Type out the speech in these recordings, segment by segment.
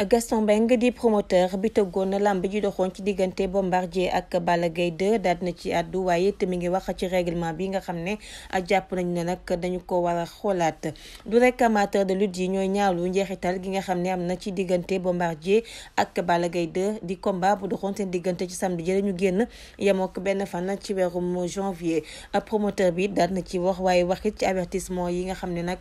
Gaston nga di promoteur bi tëggoon lamb ji doxoon ci diggante Bombardier ak bala gay 2 daat na ci àddu waaye it mi ngi wax ci règlement bi nga xam ne jàpp nañu ne nag dañu ko war a xoolaat du rek amateur de lutte yi ñooy ñaawlu njeexital gi nga xam ne am na ci diggante Bombardier ak Balla Gaye 2 di combat bu doxoon seen diggante ci samedi ji ñu génn yemoo ko benn fan ci weerum janvier promoteur bi daat na ci wax waaye waxit ci avertissement yi nga xam ne nag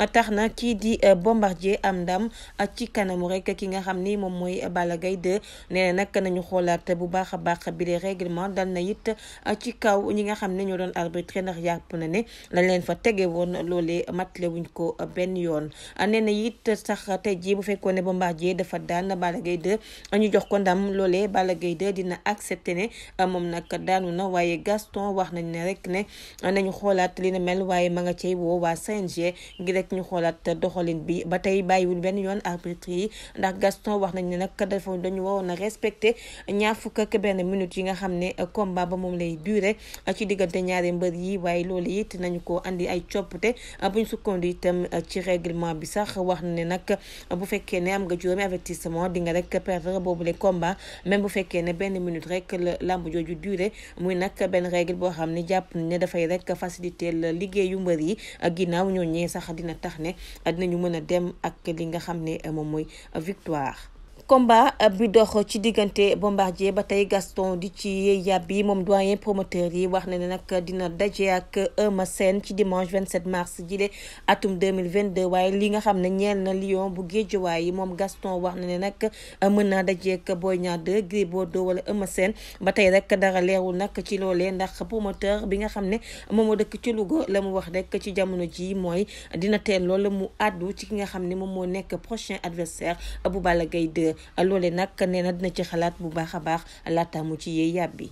atax na kii di Bombardier am ndam ak ci kanamu rek. ki nga xam ni moom mooy bala Gaye 2 nee na nag nañu xoolaat bu baax a baax bi les règlement dal na it ah, ci kaw ñi nga xam ne ñoo doon arbitre ndax yàpp na ne lañ leen fa tege woon loolee matale wuñ ko benn yoon ah, nee na it sax tey jii bu fekkoon ne Bombardier dafa daan Balla Gaye ah, ñu jox ko ndam loolee Balla Gaye 2 dina accepté ne moom nag daanu na waaye Gaston wax nañ ne rek ne nañu xoolaat li na mel waaye ma nga cey woo waa CNG rek ñu xoolaat doxalin bi ba tey bàyyiwul benn yoon arbitre yi ndax ndax Gaston wax nañ ne nag dafa dañu waroon a respecté ñaar fukk ak benn minute yi nga xam ne combat ba moom lay duré ci diggante ñaari mbër yi waaye loolu it nañu ko indi ay coppite buñ sukkandu itam ci règlement bi sax wax na ne nag bu fekkee ne am nga juróomi avertissement di nga rek boobu boobule combat même bu fekkee ne benn minute rek lamb jooju duré muy nag benn règle boo xam ne jàpp nañ ne dafay rek liggéey yu mbër yi ginnaaw ñoo ñee sax dina tax ne dinañu mën a dem ak li nga xam ne moom victoire combat bi dox ci diggante Bombardier ba tey Gaston di ci yàbbi moom doyen promoteur yi wax na ne nag dina daje ak Eumeu Sène ci dimanche 27 mars jile atum 2022 waaye li nga xam ne ñeel na Lion bu Guédiawaye yi moom Gaston wax na ne nag mën naa dajeek Boy Niang 2 Gris Bordeaux wala Eumeu Sène ba tey rek dara leerul nag ci loolee ndax promoteur bi nga xam ne moom a dëkk ci Louga la mu wax rekk ci jamono ji mooy dina teel loolu mu àddu ci ki nga xam ne moom moo nekk prochain adversaire bu Balla Gaye loole nag nee na dina ci xalaat bu baax a baax laata mu ci yee yàbbi